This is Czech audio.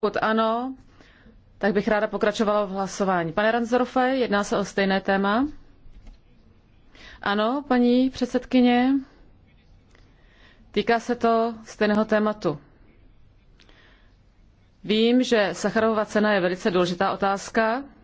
Pokud ano, tak bych ráda pokračovala v hlasování. Pane Ranzorofe, jedná se o stejné téma? Ano, paní předsedkyně. Týká se to stejného tématu. Vím, že Sacharovova cena je velice důležitá otázka.